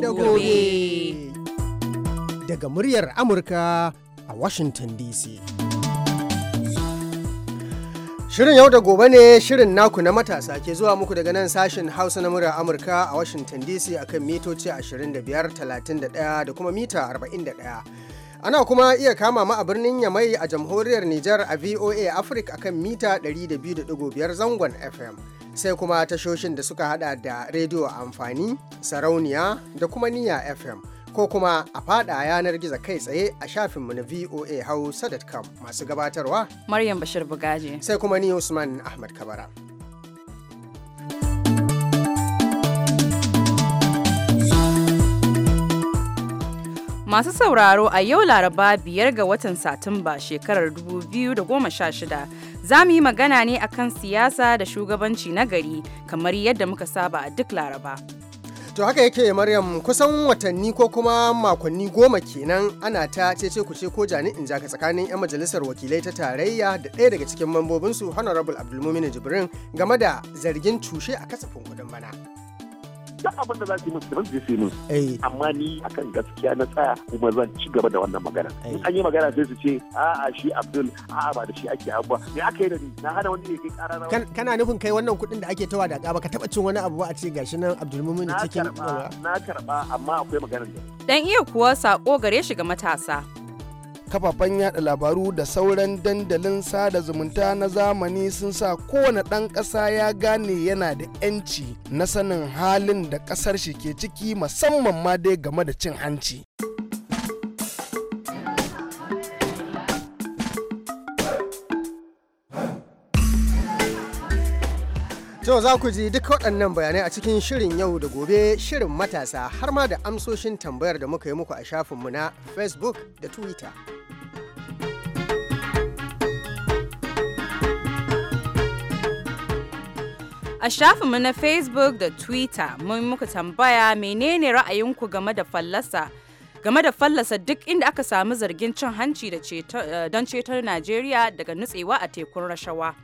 da gobe. Daga muryar Amurka a Washington DC. Shirin yau da gobe ne shirin naku na matasa ke zuwa muku daga nan sashen Hausa na murar Amurka a Washington DC akan mitoci 25, 31 da kuma mita 41. Ana kuma iya kama ma a birnin Yamai a jamhuriyar Nijar a VOA Africa akan mita 102.5 zangon FM. sai kuma tashoshin da suka hada da rediyo amfani sarauniya da kuma niya fm ko kuma a fada yanar gizo kai tsaye a shafinmu na voa hausa.com masu gabatarwa maryam bashir bugaji sai kuma ni usman ahmad kabara Masu sauraro a yau Laraba biyar ga watan Satumba shekarar 2016 Za mu yi magana ne akan siyasa da shugabanci na gari kamar yadda muka saba a duk Laraba. To haka yake Maryam kusan watanni ko kuma makonni goma kenan ana ta cece ce ko jani in jaka tsakanin 'yan majalisar wakilai ta tarayya da ɗaya daga cikin mambobinsu Honorable Abdulmumin Jibrin game da zargin cushe a kasafin kuɗin bana. duk abin da za su yi musu daban su yi musu eh. amma ni akan gaskiya na tsaya kuma zan ci gaba da wannan magana eh. in an yi magana sai su ce a'a shi Abdul a'a ba da shi ake abu me aka yi da ni na hana wani ne kai ƙara na kana nufin kai wannan kuɗin da ake tawa da ba ka taɓa cin wani abu ba a ce gashi nan Abdul Mumin cikin na karɓa amma akwai maganar da dan iya kuwa sako gare shi ga matasa kafafen yada labaru da sauran dandalin sada zumunta na zamani sun sa kowane ɗan ƙasa ya gane yana da 'yanci na sanin halin da ƙasar shi ke ciki musamman ma dai game da cin hanci. To za ku ji duk waɗannan bayanai a cikin shirin yau da gobe shirin matasa har ma da amsoshin tambayar da muka yi muku a shafinmu na Facebook da Twitter. A mu na Facebook da Twitter mun muka tambaya menene ra'ayinku game da fallasa game da fallasa duk inda aka samu zargin cin hanci eh, don cetar Najeriya daga nutsewa a tekun rashawa.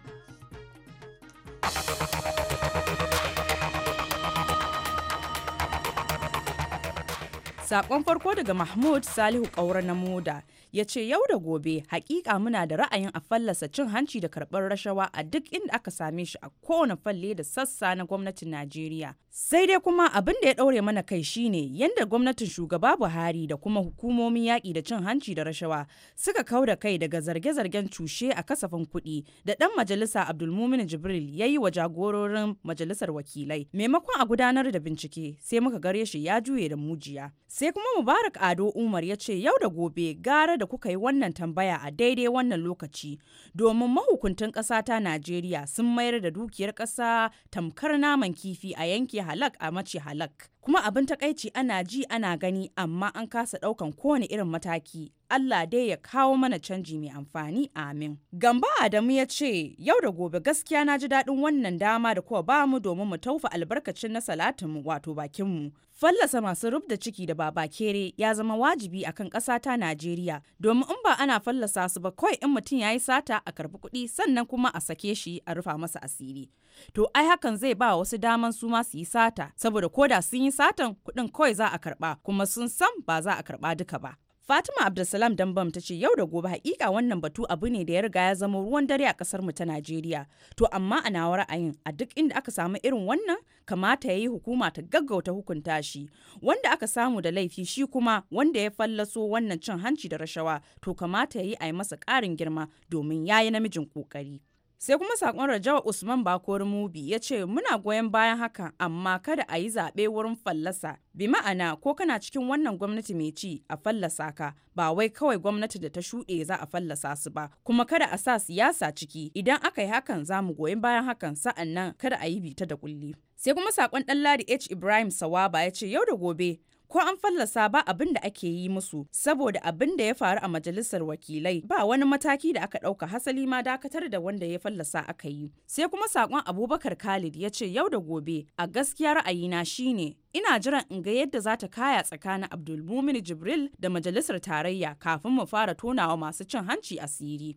saƙon farko daga Mahmud Salihu Kaura na Moda ya ce yau da gobe hakika muna da ra'ayin a fallasa cin hanci da karɓar rashawa a duk inda aka same shi a kowane falle da sassa na gwamnatin Najeriya Sai dai kuma abin da ya ɗaure mana kai shine yadda gwamnatin shugaba Buhari da kuma hukumomin yaƙi da cin hanci da rashawa suka kau da kai daga zarge-zargen cushe a kasafin kuɗi da ɗan majalisa Abdulmumin Jibril ya yi wa jagororin majalisar wakilai. Maimakon a gudanar da bincike sai muka gare shi ya juye da mujiya. Sai kuma Mubarak Ado Umar ya ce yau da gobe gara da kuka yi wannan tambaya a daidai wannan lokaci domin mahukuntan ƙasa ta Najeriya sun mayar da dukiyar ƙasa tamkar naman kifi a yanki halak a mace halak kuma abin takaici ana ji ana gani amma an kasa daukan kowane irin mataki Allah dai ya kawo mana canji mai amfani amin. Gamba Adamu ya ce yau da gobe gaskiya na ji daɗin wannan dama da kuwa bamu domin mu taufa albarkacin na salatinmu wato bakinmu Fallasa masu rubda ciki da baba kere ya zama wajibi akan ƙasa ta Najeriya domin in ba ana fallasa su ba kawai in mutum ya yi sata a karbi kuɗi sannan kuma a sake shi a rufa masa asiri. To ai hakan zai ba wasu daman su masu yi sata saboda koda sun yi satan kuɗin kawai za a karɓa kuma sun san ba za a karɓa duka ba. Fatima Abdulsalam Dambam ta ce yau da gobe hakika wannan batu abu ne da ya riga ya zama ruwan dare a kasar mu ta Najeriya. To amma a nawa ra'ayin a duk inda aka samu irin wannan kamata yayi hukuma ta gaggauta hukunta shi. Wanda aka samu da laifi shi kuma wanda ya fallaso wannan cin hanci da rashawa to kamata yayi a yi masa ƙarin girma domin yayi namijin ƙoƙari. sai kuma sakon rajawa usman bakori mubi ya ce muna goyon bayan haka amma kada a yi zaɓe wurin fallasa bi ma'ana ko kana cikin wannan gwamnati mai ci a fallasa ka ba wai kawai gwamnati da ta shuɗe za a fallasa su ba kuma kada a sa siyasa ciki idan aka yi hakan za mu goyon bayan hakan sa'an nan kada a yi bita da kulli sai kuma sakon ɗanladi h ibrahim sawaba ya ce yau da gobe ko an fallasa ba abin da ake yi musu saboda abin da ya faru a majalisar wakilai ba wani mataki da aka ɗauka hasali ma dakatar da wanda ya fallasa aka yi sai kuma saƙon abubakar khalid ya ce yau da gobe a gaskiya ra'ayina shine ina jiran in ga yadda za ta kaya tsakanin abdulmumin jibril da majalisar tarayya kafin mu fara tonawa masu cin hanci asiri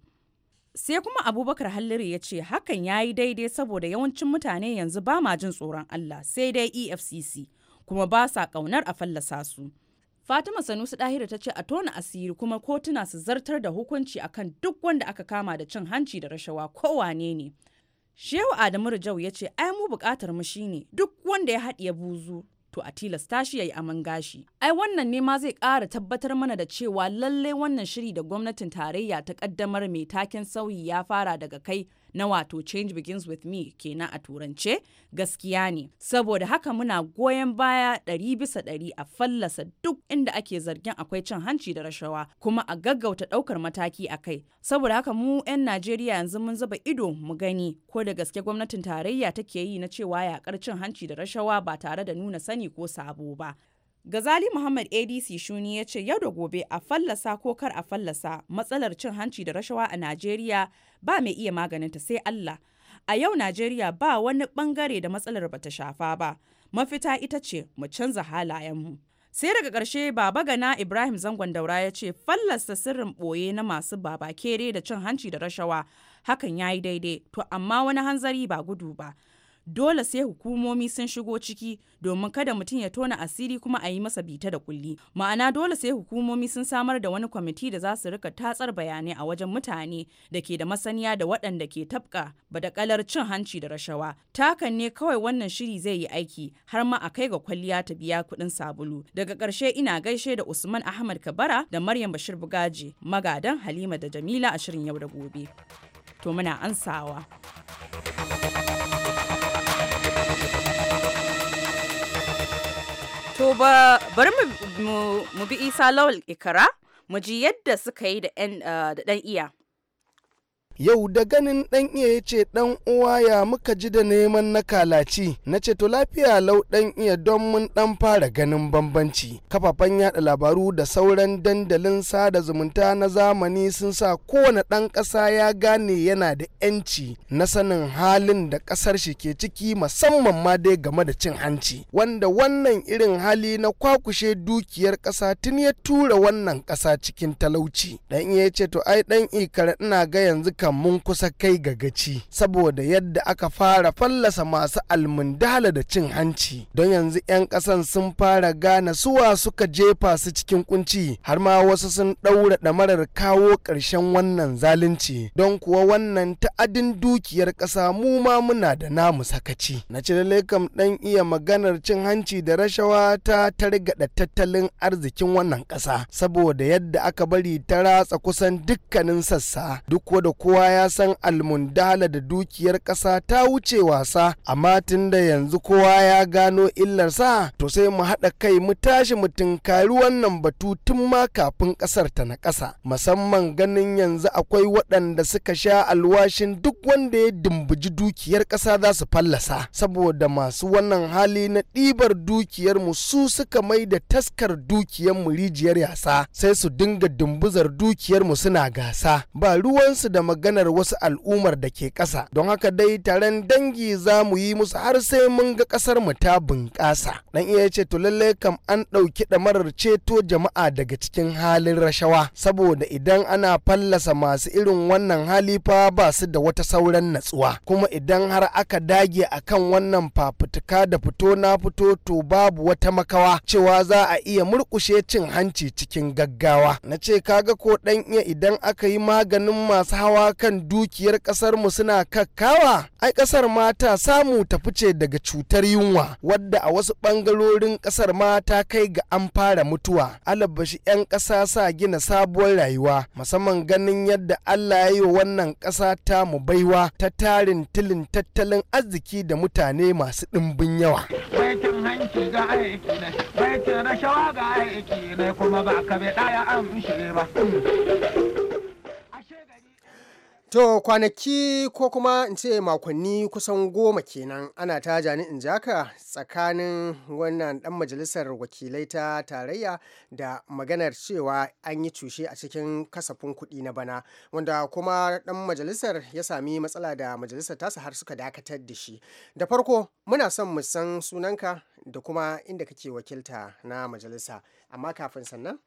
sai kuma abubakar halliri ya ce hakan ya yi daidai saboda yawancin mutane yanzu ba ma jin tsoron allah sai dai efcc kuma ba sa kaunar a fallasa su. Fatima Sanusi Dahira ta ce a tona asiri kuma kotuna su zartar da hukunci akan duk wanda aka kama da cin hanci da rashawa Ko wane ne. Shehu Adamu Rajau ya ce ai mu bukatar mu shine duk wanda ya haɗiye buzu to a tilasta shi ya yi aman gashi. Ai wannan ne ma zai ƙara tabbatar mana da cewa lalle wannan shiri da gwamnatin tarayya ta ƙaddamar mai taken sauyi ya fara daga kai na wato change begins with me kenan a turance gaskiya ne saboda haka muna goyon baya ɗari bisa ɗari a fallasa duk inda ake zargin akwai cin hanci da rashawa kuma a gaggauta ɗaukar mataki a kai saboda haka mu 'yan najeriya yanzu mun zuba ido mu gani ko da gaske gwamnatin tarayya take yi na cewa yaƙar cin hanci da rashawa ba tare da nuna sani ko sabo ba Gazali Muhammad ADC Shuni ya ce yau da gobe a fallasa ko kar a fallasa matsalar cin hanci da rashawa a Najeriya ba mai iya maganinta sai Allah. A yau Najeriya ba wani bangare da matsalar bata shafa ba. Mafita ita ce mu canza halayenmu. Sai daga ƙarshe Baba Gana Ibrahim Zangon Daura ya ce fallasa sirrin ɓoye na masu baba kere da cin hanci da rashawa hakan ya yi daidai to amma wani hanzari ba gudu ba. dole sai hukumomi sun shigo ciki domin kada mutum ya tona asiri kuma a yi masa bita da kulli ma'ana dole sai hukumomi sun samar da wani kwamiti da za su rika tatsar bayanai a wajen mutane da ke da masaniya da waɗanda ke da badakalar cin hanci da rashawa takan ne kawai wannan shiri zai yi aiki har ma a kai ga kwalliya ta biya kuɗin sabulu daga ƙarshe ina gaishe da usman ahmad kabara da maryam bashir bugaji magadan halima da jamila a shirin yau da gobe to muna ansawa. To ba bari mu bi Isa Lawal Ikara mu ji yadda suka yi da ah, ɗan iya. yau da ganin ɗan iya ya ce dan uwa ya muka ji da neman na kalaci na ce to lafiya lau dan iya don mun ɗan fara ganin bambanci kafafen yada labaru da sauran dandalin sada zumunta na zamani sun sa kowane ɗan ƙasa ya gane yana da yanci na sanin halin da ƙasar shi ke ciki musamman ma dai game da cin hanci wanda wannan irin hali na kwakushe dukiyar kasa tun ya tura wannan ƙasa cikin talauci dan iya ya ce to ai dan ikar ina ga yanzu dukkan mun kusa kai ga gaci saboda yadda aka fara fallasa masu almundala da cin hanci don yanzu 'yan ƙasan sun fara gane suwa suka jefa su cikin kunci har ma wasu sun ɗaura ɗamarar kawo ƙarshen wannan zalunci don kuwa wannan ta'adin dukiyar ƙasa mu ma muna da namu sakaci na ci kam ɗan iya maganar cin hanci da rashawa ta targaɗa tattalin arzikin wannan ƙasa saboda yadda aka bari ta ratsa kusan dukkanin sassa duk da ko kowa ya san almundala da dukiyar ƙasa ta wuce wasa amma tun da yanzu kowa ya gano illarsa to sai mu haɗa kai mu tashi mu tunkari wannan batu tun ma kafin ƙasar ta na ƙasa musamman ganin yanzu akwai waɗanda suka sha alwashin duk wanda ya dumbuji dukiyar ƙasa za su fallasa saboda masu wannan hali na ɗibar dukiyar mu su suka mai da taskar dukiyar mu rijiyar yasa sai su dinga dumbuzar dukiyar mu suna gasa ba ruwansu da magana maganar wasu al'ummar da ke ƙasa don haka dai taron dangi za mu yi musu har sai mun ga ƙasar mu ta bunƙasa dan iya ce to lallai kam an ɗauki ɗamarar ceto jama'a daga cikin halin rashawa saboda idan ana fallasa masu irin wannan hali fa ba su da wata sauran natsuwa kuma idan har aka dage akan wannan fafutuka da fito na fito to babu wata makawa cewa za a iya murkushe cin hanci cikin gaggawa na ce kaga ko dan iya idan aka yi maganin masu hawa kan dukiyar kasar mu suna kakkawa ai kasar mata, samu ta fice daga cutar yunwa wadda a wasu bangarorin kasar mata kai ga an fara mutuwa alabashi 'yan ƙasa sa gina sabuwar rayuwa musamman ganin yadda Allah ya yi wannan kasa ta mu baiwa ta tarin tilin tattalin arziki da mutane masu ɗimbin yawa. Baitin hanci ga aiki ga aiki ne kuma ba ka bai ɗaya ba. To kwanaki ko kuma in ce makonni kusan goma kenan ana ta jani in jaka tsakanin wannan dan majalisar wakilai ta tarayya da maganar cewa an yi cushe a cikin kasafin kuɗi na bana wanda kuma dan majalisar ya sami matsala da majalisar tasa har suka dakatar da shi. Da farko muna son mu san sunanka da kuma inda kake wakilta na majalisa amma kafin sannan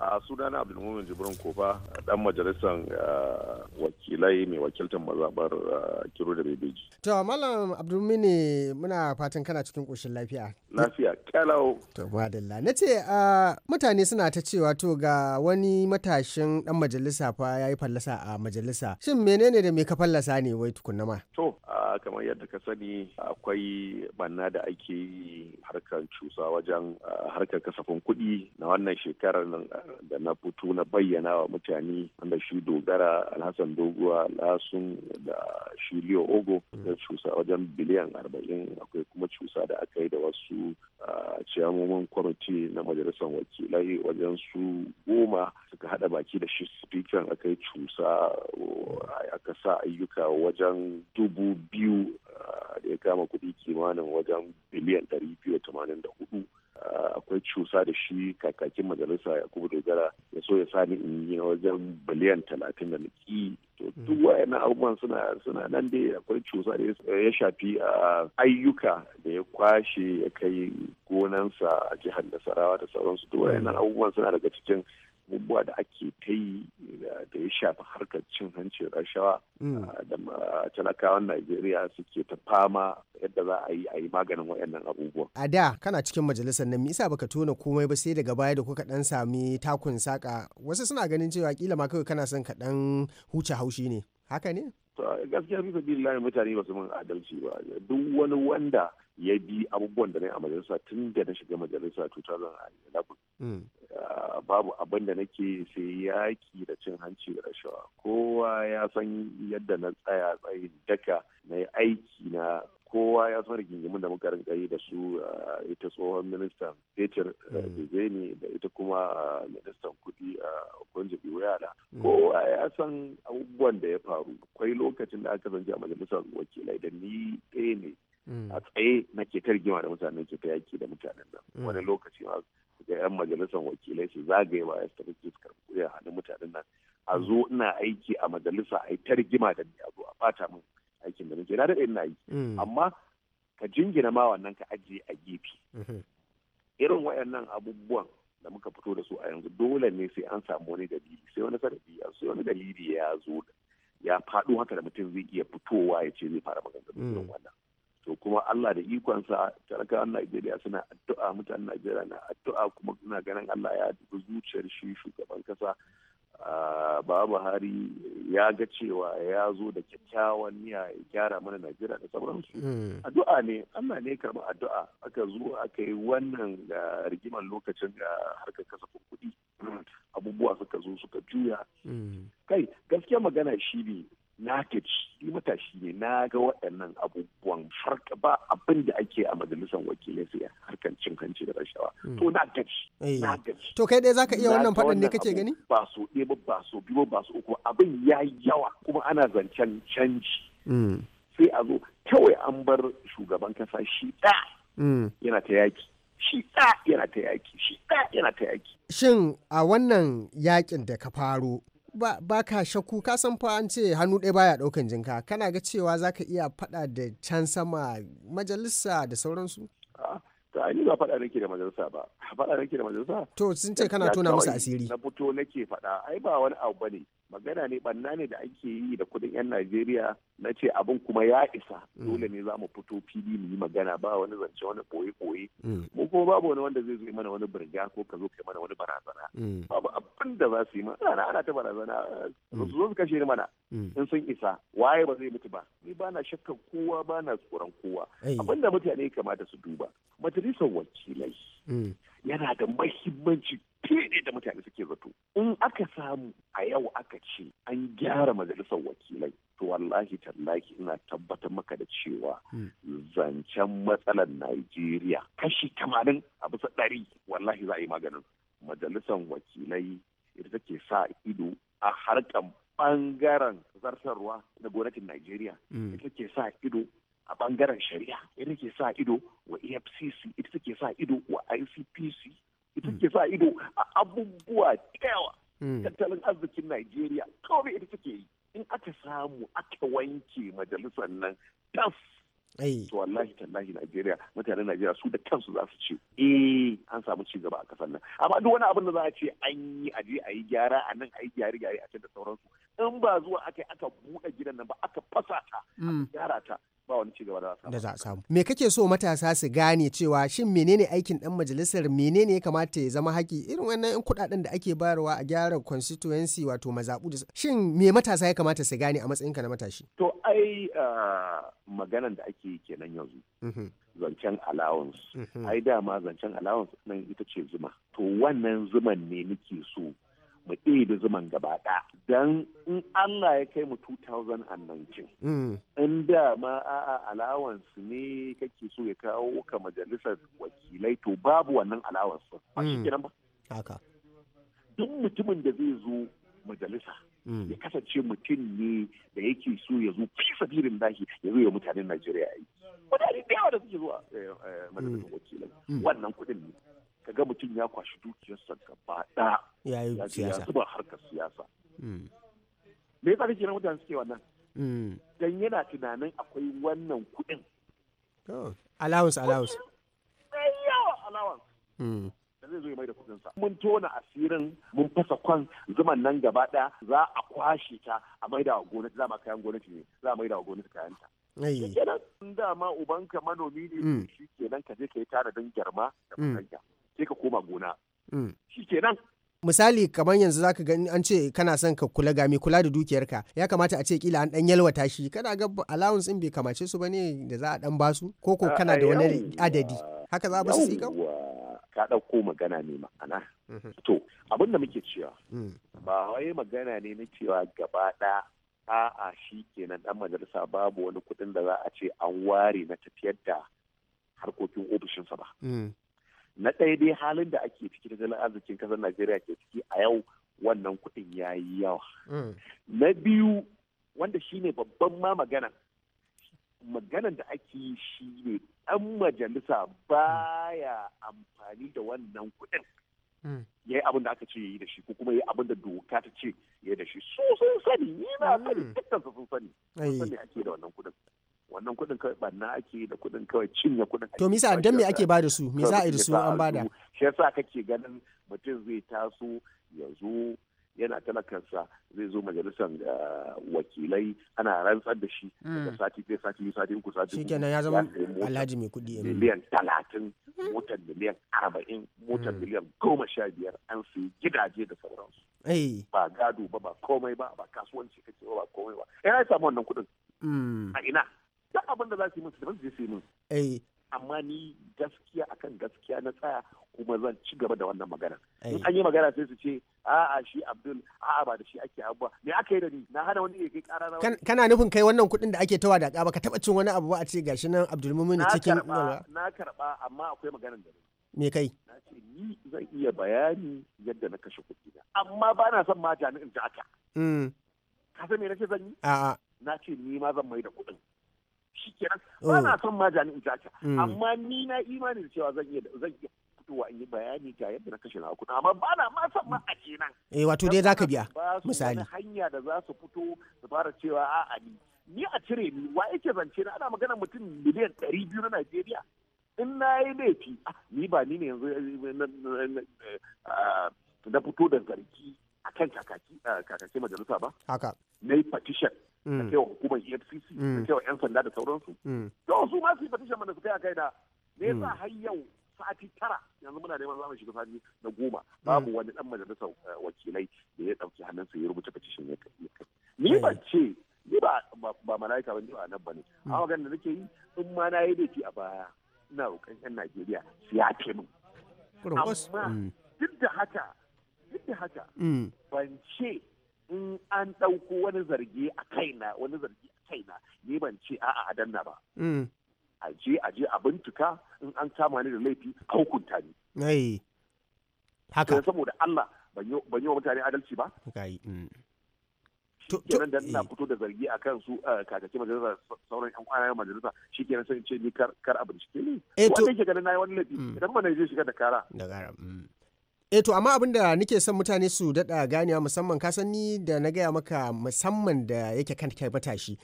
a sunana abdulmumin jibrin kofa dan majalisar eh, wakilai mai wakiltar mazabar eh, kiro da bebeji to malam abdulmini muna fatan kana cikin koshin lafiya lafiya kyalau to madalla na ce eh, mutane suna ta cewa to ga wani matashin dan majalisa fa ya yi fallasa a majalisa shin menene da me ka fallasa ne wai tukunna ma to kamar yadda ka sani akwai banna da ake yi harkar cusa wajen eh, harkar kasafin kuɗi na wannan shekarar eh, da na fito na bayyana wa mutane wanda shi dogara alhassan doguwa lasun da shi leo ogo da cusa wajen biliyan arba'in akwai kuma cusa da aka yi da wasu eh, ciyamomin kwamiti na majalisar wakilai wajen su goma suka hada baki da shi spikin aka yi cusa aka sa ayyuka wajen dubu biyu biyu ah, da ya kama kuɗi kimanin wajen biliyan ɗari biyu da tamanin da hudu ah, akwai cusa da shi kakakin majalisa ya yakubu dogara ya so ya sani in yi wajen biliyan talatin da niki to duk yana abubuwan suna suna nan dai akwai cusa da ya shafi ah, ayyuka da ya kwashe ya kai gonansa a jihar nasarawa da sauransu duk yana abubuwan suna daga cikin abubuwa da ake ta yi eh, da ya shafi harkar cin hanci rashawa mm. ah, da talakawan najeriya suke ta fama yadda za a yi a yi maganin waɗannan abubuwa a da kana cikin majalisar nan isa baka tona komai ba sai daga baya da kuka dan sami takun saka wasu suna ganin cewa kila ma kawai kana son ka dan huce haushi ne haka ne gaskiya fi sabi lillahi mutane ba su mun adalci ba duk wani wanda ya bi abubuwan da na yi a majalisa tun da na shiga majalisa 2011 mm. ah, babu abin da nake sai yaki da cin hanci da rashawa kowa ya san yadda na tsaya tsayin daka na aiki na kowa ya zo rigingimin da muka rinka yi da su eh, ita tsohon ministan fetur eh, mm. Bezeni da ita kuma eh, ministan kudi a Kunjabi Wayala. Mm. Kowa ya san abubuwan da ya faru. Akwai lokacin da aka zance a majalisar wakilai da ni ɗaya ne mm. a tsaye na ke targima da mutanen ke ta yaki da mutanen nan. Wani lokaci ma ga 'yan majalisar wakilai su zagaye ba ya tafi fuskar kuɗi a hannun mutanen nan. A zo ina aiki a majalisa a yi targima da ni a zo a ɓata min aikin da nake na daɗe ina yi mm. amma ka jingina ma wannan ka ajiye a gefe mm-hmm. irin wayannan abubuwan da muka fito da su a yanzu dole ne sai an samu wani dalili sai wani sarari sai wani dalili ya zo ya faɗo haka da mutum zai iya fitowa ya ce zai fara da irin mm. wannan to kuma Allah da ikonsa talakawan Najeriya suna addu'a mutanen Najeriya na addu'a kuma suna ganin Allah ya dubi zuciyar shi shugaban kasa ba buhari ya ga cewa ya zo da kyakkyawan niyya ya gyara mana najeriya da sauransu hmm. addu'a ne allah ne karba addu'a aka zo aka yi wannan rigimar lokacin da harkar kasafin kuɗi abubuwa suka zo suka juya hmm. kai gaskiya magana shi ne na ni matashi ne na ga waɗannan abubuwan farka ba abin da ake a majalisar wakilai sai harkar cin hanci da rashawa hmm. to na gaci eh. na gaci to kai dai zaka iya wannan faɗin ne kake gani ba so ɗaya ba ba so biyu ba so uku abin ya yawa kuma ana zancen canji hmm. sai a zo kawai an bar shugaban kasa shi ɗa hmm. yana ta yaki shi ɗa yana ta yaki shi ɗa yana ta yaki shin a wannan yakin da ka faro ba ka shakku ka san fa an ce hannu ɗaya baya ɗaukan jinka kana ga cewa za ka iya faɗa da can sama majalisa da sauransu? Ah, to ai ba faɗa nake da majalisa ba faɗa nake da majalisa to sun ce kana tona musu asiri na fito nake faɗa ai ba wani abu bane magana ne banna ne da ake yi da kudin 'yan najeriya na ce abin kuma ya isa mm. dole ne za mu fito fili mu yi magana ba wani zance wani koyi koyi mm. mu kuma babu wani wanda zai zo mana wani birga ko ka zo kai mana wani barazana mm. babu abin da za su yi mana ana ta barazana su zo su kashe ni mana in sun isa waye ba zai mutu ba ni ba na shakka kowa ba na tsoron kowa abin da mutane kamata su duba majalisar wakilai yana da mahimmanci fiye da mutane suke zato in aka samu a yau aka ce an gyara majalisar wakilai to wallahi tallahi ina tabbatar maka da cewa hmm. zancen matsalar Najeriya kashi tamanin a bisa ɗari wallahi za a yi maganin majalisar wakilai ita take sa ido a harkan bangaren zartarwa na gwamnatin Najeriya hmm. ita take sa ido a ɓangaren shari'a ita take sa ido wa EFCC ita take sa ido wa ICPC ita ke sa ido a abubuwa da yawa hmm. tattalin arzikin Najeriya kawai ita take yi in aka samu aka wanke majalisar nan tas to wallahi tallahi Najeriya mutanen Najeriya su da kansu za su ce eh an samu cigaba a kasar nan amma duk wani abin da za a ce an yi aje a yi gyara a nan a yi gyare gyare a can da sauransu in ba zuwa aka aka buɗe gidan nan ba aka fasa ta hmm. gyara ta ba wani ci gaba da za a samu me kake so matasa su gane cewa shin menene aikin dan majalisar menene ya kamata ya zama haki irin wannan yan kudaden da ake bayarwa a gyara constituency wato mazabu da shin me matasa ya kamata su gane a matsayin ka na matashi to ai maganan da ake yi kenan yanzu mm-hmm. zancen allowance mm-hmm. ai dama zancen allowance nan ita ce zuma to wannan zuman ne nake so mu da zuman gaba ɗaya don in Allah ya kai mu 2019 mm. in da ma a'a alawansu ne kake so ya kawo ka majalisar wakilai to babu wannan alawansu. ba shi mm. kenan ba haka duk mutumin da zai zo majalisa mm. ya kasance mutum ne da yake so ya zo fi sabirin dahi ya zo ya mutanen Najeriya aiki. Mutane da yawa da suke zuwa eh, eh, majalisar wakilai wannan kuɗin ne. ga mutum ya kwashi dukiyarsa gaba ɗaya ya siyasa zuba harkar siyasa hmm. me yasa kake mutane suke wannan hmm. dan yana tunanin akwai wannan kuɗin allowance allowance yawa allowance hmm. da zai zo ya mai da kuɗin sa mun tona asirin mun fasa kwan zuman nan gaba ɗaya za a kwashe ta a mai da gwamnati za ma kayan gonaki ne za a mai da gwamnati kayan ta kenan dama ubanka manomi ne shi kenan ka je ka yi tara don girma da makanya sai ka koma gona mm. shi kenan misali kamar yanzu zaka gani an ce kana son ka kula gami kula da dukiyarka ya kamata a ce kila an dan yalwata shi kana ga allowance din bai kamace su bane da za a dan basu ko ko kana da wani adadi haka za ba su sika ka dauko magana ne ma'ana mm-hmm. to abin da muke cewa mm. ba wai magana ne na cewa gaba a a'a shi kenan dan majalisa babu wani kuɗin da za a ce an ware na tafiyar da harkokin ofishinsa ba mm. na ɗaya dai halin da ake ciki tattalin arzikin ƙasar najeriya ke ciki a yau wannan kuɗin ya yi yawa mm. na biyu wanda shine babban ma magana maganan da ake yi shi ne ɗan majalisa baya amfani da wannan kuɗin mm. ya yi abin da aka ce ya yi da shi ko kuma ya yi abin da doka ta ce ya yi da shi su sun sani ni na sani mm. dukkan sun sani sun sani ake da wannan kuɗin wannan kuɗin kawai banna ake da kuɗin kawai cinye kuɗin to misa dan me ake bada su me za a yi da su an bada shi yasa kake ganin mutum zai taso ya zo yana talakansa zai zo majalisar eh, wakilai ana rantsar da shi hmm. daga sati ɗaya sati biyu sati uku sati shikenan ya zama alhaji mai kuɗi miliyan talatin hmm. motar miliyan arba'in motar hmm. miliyan goma sha biyar an sayi gidaje da sauransu eh. ba gado ba ba komai ba ba kasuwanci kake ba komai ba ina eh, ya samu wannan kuɗin a ina duk abin da za su yi musu da zai su yi min eh. amma ni gaskiya akan gaskiya na tsaya kuma zan ci gaba da wannan magana eh. in an yi magana sai su ce a'a shi abdul a'a ba da shi ake abuwa me aka yi da ni na hana wani ya kai kara na kana nufin kai wannan kuɗin da ake tawa da ƙaba ka taɓa cin wani abu ba a ce gashi nan abdul mumin cikin na karɓa amma akwai maganar da me kai na ce ni zan iya bayani yadda na kashe kuɗi na amma ba na son ma jami'in jaka hmm. ka san me nake zan yi a'a na ce ni ma zan mai da kuɗin shi kenan mm. ba na son ma jami'in caca mm. amma ni na imanin cewa zan iya zan iya fitowa in yi bayani ga yadda na kashe na amma ba na ma son ma a ce nan eh wato dai zaka biya misali hanya da za su fito su fara cewa a ni ni a cire ni wa yake zance na ana magana mutum miliyan ɗari biyu na Najeriya in na yi laifi ah, ni ba ni ne yanzu eh, eh, eh, ah, na fito da zargi akan kakaki ah, kakaki majalisa ba haka na yi petition da mm. cewa yan sanda da sauransu mm. Yau su ma su yi petition mana su kai kai da me yasa mm. har yau sati tara yanzu muna neman zamu shiga sati na goma babu wani dan majalisar eh, wakilai da ya dauki hannunsa ya rubuta petition ya kai ni ban ce ni ba ba malaika ba ni ba nan ne. Awa magana da nake yi in ma na yi dace a baya ina roƙon yan Najeriya su yafe min amma duk da haka duk da haka ban ce in an ɗauko wani zargi a kaina wani zargi a kaina ni ban ce a a danna ba mm. a je a je a bincika in an kama ni da laifi a hukunta ni haka saboda Allah ban yi wa mutane adalci ba mm. kenan da ina eh. fito da zargi a kan su eh, kakaki majalisa sauran yan kwanayen majalisa shi kenan sun ce ni kar a bincike ne eh, wanda yake ganin yi wani laifi mm. idan ba na je shiga da kara da kara eh to amma abin da nake son mutane su daɗa ganewa musamman ka san ni da na gaya maka musamman da yake kan kai matashi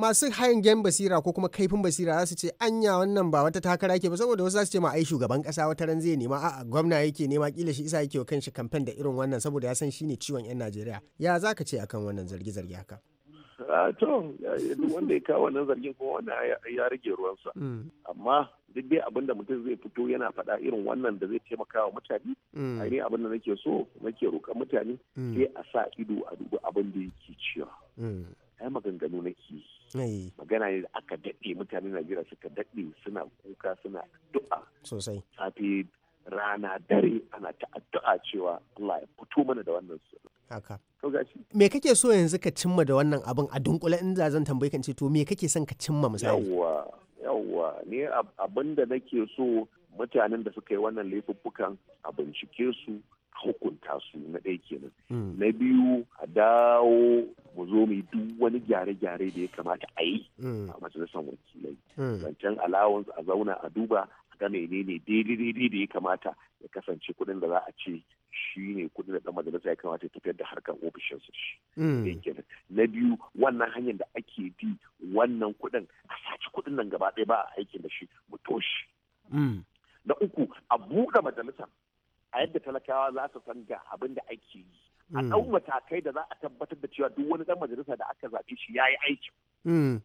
masu hayan basira ko kuma kaifin basira za su ce anya wannan ba wata takara ke ba saboda wasu za su ce ma ai shugaban kasa wata ran zai nema a'a gwamna yake nema kila shi isa yake wa kanshi kamfen da irin wannan saboda ya san shine ciwon yan Najeriya ya za ka ce akan wannan zargi-zargi haka to wanda ya kawo wannan zargin kuma wannan ya rage ruwansa mm. amma duk dai abin da mutum zai fito yana faɗa irin wannan da zai taimaka wa mutane mm. a ne abin da nake so nake roka mutane mm. sai a sa ido a dubi abin da yake cewa ai maganganu nake magana ne da aka daɗe mutanen najeriya suka daɗe suna kuka suna addu'a sosai safe rana dare ana ta addu'a cewa Allah ya fito mana da wannan su haka me kake so yanzu ka cimma da wannan abin a dunkule in za zan tambayi kan ce to me kake son ka cimma misali yawwa yawwa ne abin da nake so mutanen da suka yi wannan laifuffukan a bincike su hukunta su na ɗaya kenan hmm. na biyu a dawo mu zo mu yi duk wani gyare-gyare da ya kamata a yi hmm. a majalisar wakilai hmm. zancen alawans a zauna a duba a ga menene daidai-daidai da ya kamata ya kasance kuɗin da za a ce shi ne kudin da dan majalisa ya kamata ya tafiyar da harkar ofishin su shi. kenan. Na biyu wannan hanyar da ake bi wannan kudin a saci kudin nan gaba ɗaya ba a aikin da shi mu toshi. Na uku a buɗe majalisa a yadda talakawa za su san ga abin da ake yi a hmm. ɗau matakai da za a tabbatar da cewa duk wani ɗan majalisa da aka zaɓe shi ya yi aiki. Hmm.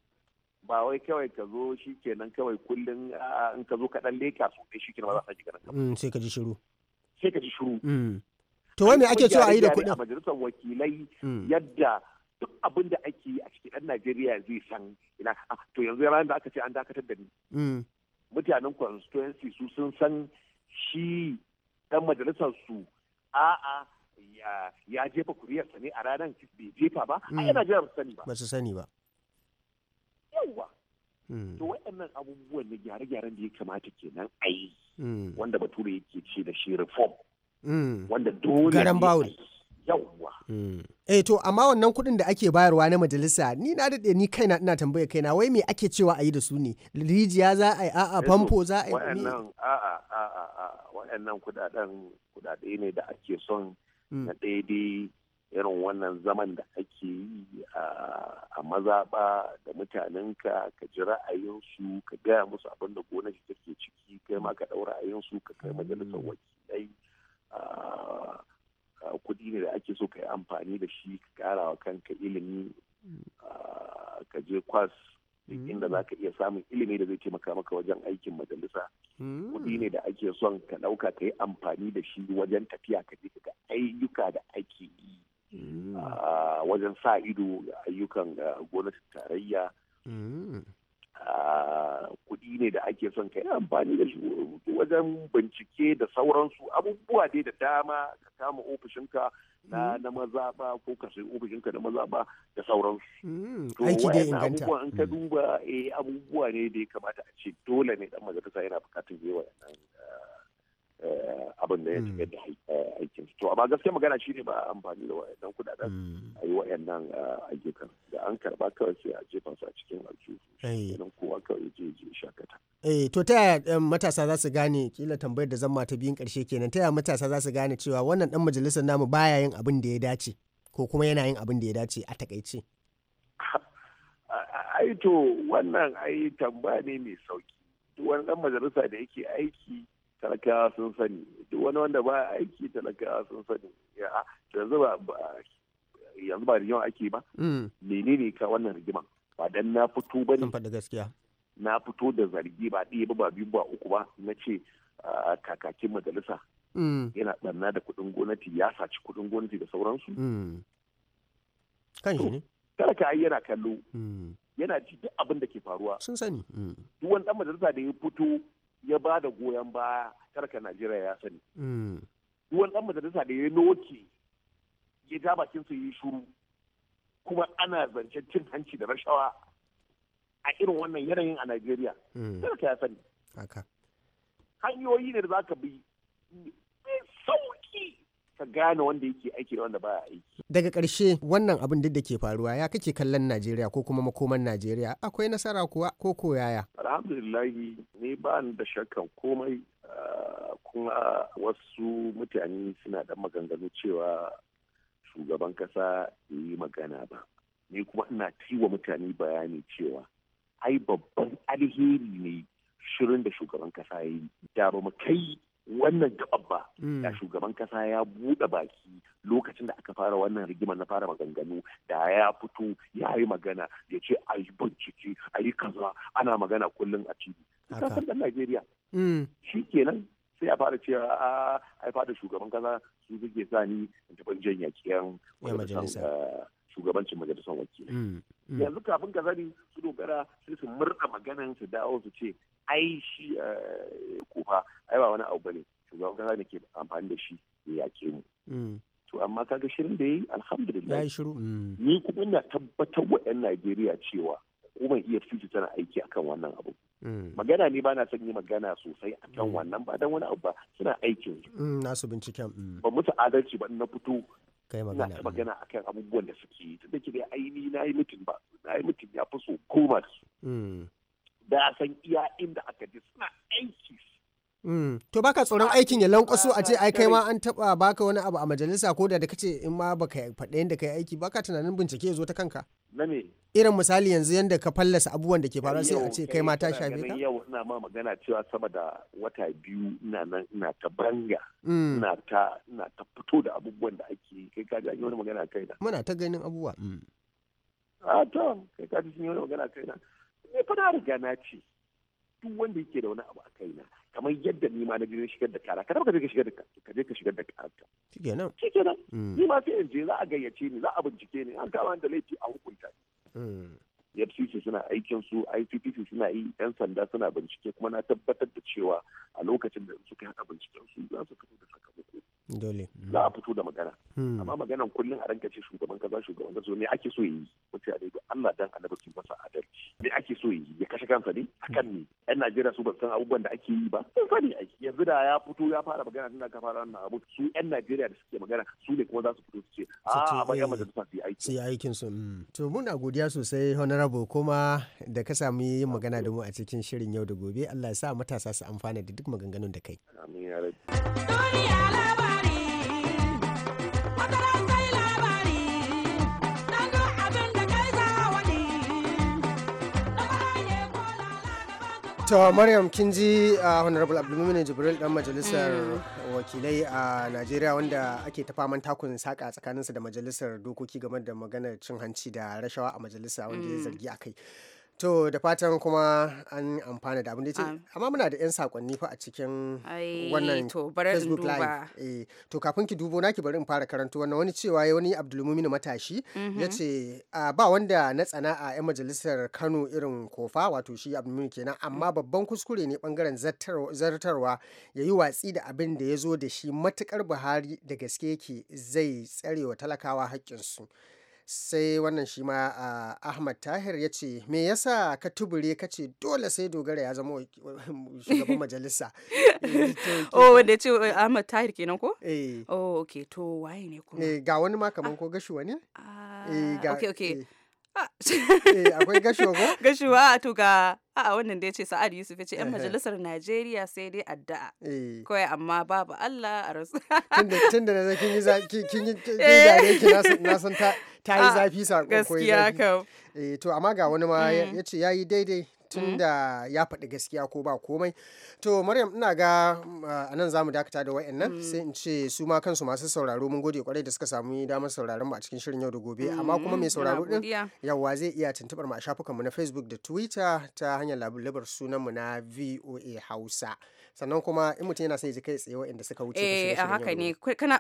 ba wai kawai ka zo shi kenan kawai kullum ah, in ka zo kaɗan leka su ɗai eh, shi kenan ba za a ji ganin hmm, sai ka ji shiru sai ka ji shiru to wani ake cewa a yi da kuɗi a majalisar wakilai yadda duk abin da ake yi a cikin ɗan Najeriya zai san ina ah, to yanzu ranar da aka ce an dakatar da ni mutanen constituency su sun san shi dan majalisar su a'a ya jefa kuriyarsa ne a ranar bai jefa ba a yana hmm. jiya ba sani ba ba su sani ba Yauwa, hmm. to waɗannan abubuwan da gyare-gyaren da ya kamata kenan a yi hmm. wanda bature yake ce da shi reform wanda dole garan bawul yawwa eh to amma wannan kuɗin da ake bayarwa na majalisa ni na daɗe ni kaina ina tambaya kaina wai me ake cewa a yi da su ne rijiya za a yi a'a eh, famfo za a yi a'a a'a a'a waɗannan kudaden kudade ne da ake son hmm. na daidai irin wannan zaman da ake yi a mazaɓa da mutanenka ka ji ra'ayinsu ka gaya musu abin da gwamnati take ciki kai ma ka ɗaura ra'ayinsu ka kai majalisar hmm. wakilai kuɗi ne da ake so ka yi amfani da shi ka ƙara wa kanka ilimi hmm. ka je kwas duk hmm. inda za ka iya samun ilimi da zai taimaka maka wajen aikin majalisa hmm. kuɗi ne da ake son ka ɗauka ka yi amfani da shi wajen tafiya ka je ga ayyuka da ake yi hmm. ah, wajen sa ido ga ayyukan ah, gwamnati tarayya ah, kuɗi ne da ake son ka yi amfani da shi wajen bincike da sauransu abubuwa dai da dama ka kama ofishinka na mm-hmm. na ba ko ka sayi ofishinka na mazaɓa da sauransu. Mm-hmm. To wa'yan abubuwa in ka mm-hmm. duba eh, abubuwa ne da ya kamata a ce dole ne dan majalisa yana bukatar yi wa'yan Eh, abin da ya hmm. tafi da eh, aikin to amma gaskiya magana shi ne ba amfani da wayannan kudaden hmm. a yi wayannan eh, ayyukan da an karba kawai sai a jefa su a cikin aljihu nan kowa kawai je je shakata eh to ta yaya matasa za su gane kila tambayar da zama ta biyun karshe kenan ta yaya matasa za su gane cewa wannan dan majalisar namu baya yin abin da ya dace ko kuma yana yin abin da ya dace a takaice ai to wannan ai tambaya ne mai sauki duk wani dan majalisa da yake aiki talakawa sun sani duk wani wanda ba aiki talakawa sun sani ya yanzu ba yanzu ba rigima ake ba mm. menene ka wannan rigiman ba dan na fito ba ne gaskiya na fito da zargi ba ɗaya ba ba biyu ba uku ba na ce kakakin majalisa mm. yana ɓanna da kuɗin gwamnati ya saci kuɗin gwamnati da sauransu mm. kan shi ne talaka ai yana kallo yana ji duk abin da ke faruwa sun sani duk wani dan majalisa da ya fito ya ba da goyon baya tarka najeriya ya sani ruwan mm. dan majalisa da ya noke ya ja bakin su yi shuru kuma ana zancen cin hanci da rashawa a irin wannan yanayin a najeriya mm. tarka ya sani hanyoyi ne da za ka bi ka gane wanda yake aiki da wanda baya aiki. Daga ƙarshe wannan abin duk da ke faruwa ya kake kallon Najeriya ko kuma makoman Najeriya akwai nasara kuwa ko ko yaya? Alhamdulillahi ni ba da shakkan komai ah, kuma wasu mutane suna da maganganu cewa shugaban kasa yi magana ba. Ni kuma ina tiwa mutane bayani cewa ai babban alheri ne shirin da shugaban kasa ya yi da ba mu kai wannan gaban ba mm. da shugaban kasa ya buɗe baki lokacin da aka fara wannan rigima na fara maganganu da ya fito ya yi magana ya ce a yi bincike a yi kaza ana magana kullum a cibi kasar ɗan najeriya mm. shi kenan sai a fara cewa a ai fada shugaban kasa su suke sa ni in tafi jan kiyan eh, shugabancin majalisar wakilai mm. yanzu kafin ka sani su dogara sai su murna maganan su dawo su ce ai shi eh, kofa ai ba wani abu bane shugaban kasa ne ke amfani da shi ya yake mu mm. to amma kaga shirin da yayi alhamdulillah yayi shiru mm. ni kuma ina tabbatar wa yan Najeriya cewa iya EFCC tana aiki akan wannan abu mm. magana ne bana son yi magana sosai akan wannan ba dan wani abu ba suna aikin nasu binciken ba mutu adalci ba na fito kai magana magana akan abubuwan da suke yi tunda ke da aini na yi mutum ba na yi mutum ya fi so koma su da san iya inda aka ji suna aiki hmm. to baka tsoron aikin ya lankwaso a ce ai kai ma an taba baka wani abu a majalisa ko da kace in ma baka faɗa yadda kai aiki baka tunanin bincike ya zo ta kanka irin misali yanzu yadda ka fallasa abubuwan da ke faruwa sai a ce kai ma ta shafe ka yau ina ma magana cewa sama da wata biyu ina nan ina ta banga hmm. ina ta ina ta fito da abubuwan da ake kai ka ji wani magana kai na muna ta ganin abubuwa hmm. a ah, to kai ka ji wani magana kai na sai eh, fa na riga na ce duk wanda yake da wani abu a kaina kamar yadda ni ma na je shigar da kara kada ka je ka shigar da ka je ka shigar da kara shikenan nan mm. ni ma sai in je za a gayyace ni za a bincike ni an kama da laifi a hukunta ni mm. e FCC suna aikin su ICPC suna yi yan sanda suna bincike kuma na tabbatar da cewa a lokacin da suka haka binciken su za su kafa da sakamako dole za a fito da magana hmm. amma maganan kullum a rankace shugaban kaza shugaban kaza me ake so yi wace a daidai Allah dan annabi ki masa adalci me ake so yi ya kashe kansa ne akan ne yan Najeriya su ban san abubuwan da ake yi ba sun sani aiki yanzu da ya fito ya fara magana tun ka fara wannan abu su yan Najeriya da suke magana su ne kuma za su fito su ce a ah, ba ga eh, majalisa su yi aiki su yi aikin su hmm. to muna godiya sosai honorable kuma da ka samu yin magana da mu a cikin shirin yau da gobe Allah ya sa matasa su amfana da duk maganganun da kai amin ya rabi duniya to maryam kin ji a uh, honorable abdulmumin jibril dan majalisar wakilai a najeriya wanda ake ta faman takun saka tsakaninsa da majalisar dokoki game da maganar cin hanci da rashawa a majalisa wanda ya mm. zargi a kai To da fatan kuma an amfana da abin da ce. Amma muna da 'yan sakonni fa a cikin wannan Facebook Live. E, to kafin ki dubo naki bari in fara karanto wannan wani cewa ya wani Abdulmuminu matashi mhm. ya ce ba wanda na tsana a 'yan majalisar Kano irin kofa wato shi Abdulmuminu kenan amma babban kuskure ne bangaren zartarwa ya yi watsi da abin da ya zo da shi matukar Buhari da gaske yake zai tsarewa talakawa haƙƙinsu. sai wannan shi ma uh, ahmad tahir ya ce me yasa ka tubure ka ce dole sai dogara ya zama shugaban majalisa eh, oh wanda ya ce eh, ahmad tahir kenan ko eh oh okay to waye ne kuma eh ga wani ma kaman ah, ko gashi wani ah, eh ga okay okay eh. Eh, akwai gasho ko? gashuwa to ga a'a wannan da ya ce sa'ad yusuf ya ce yan majalisar najeriya sai dai addu'a eh. kawai amma babu allah a rasu tun da na kin yi zafi kin yi eh. ki na san ta yi zafi sakon koyi gaskiya kam to amma ga wani ma ya mm. ce ya yi daidai Mm-hmm. tunda ya faɗi gaskiya ko ba komai to maryam ina ga mm, a nan za mu dakata da wayannan mm. sai in ce su ma kansu masu sauraro mun gode kwarai da suka samu damar sauraron mu a cikin shirin yau da gobe amma kuma mm-hmm. mai sauraro din yawa zai iya tuntubar mu a shafukanmu na facebook da twitter ta hanyar labar sunan mu na voa hausa sannan kuma in mutum yana sai ji kai tsaye waɗanda suka wuce eh haka ne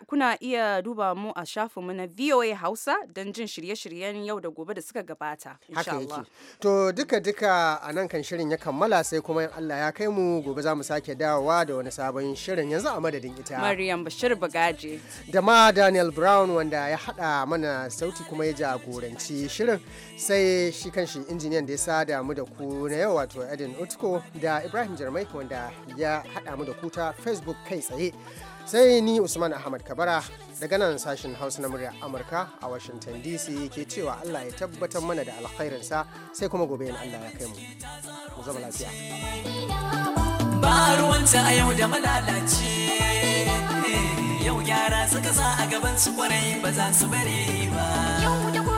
kuna iya duba mu a shafin mu na VOA Hausa don jin shirye-shiryen yau da gobe da suka gabata insha Allah to duka duka a nan kan shirin ya kammala sai kuma in Allah ya kai mu gobe za mu sake dawowa da wani sabon shirin yanzu a madadin ita Maryam Bashir Bagaje da ma Daniel Brown wanda ya hada mana sauti kuma ya jagoranci shirin sai shi kanshi injiniyan da ya sada mu da ku na yau wato Edin Utko da Ibrahim Jarmai wanda ya haɗa mu da ku ta facebook kai tsaye sai ni usman ahmad kabara daga nan sashen hausa na murya amurka a washington dc ke cewa allah ya tabbatar mana da alkhairinsa sai kuma gobe in allah ya kai mu mu zama lafiya ba ruwanta a yau da malalaci eh, yau gyara suka sa a gaban su kwarai ba za su bari ba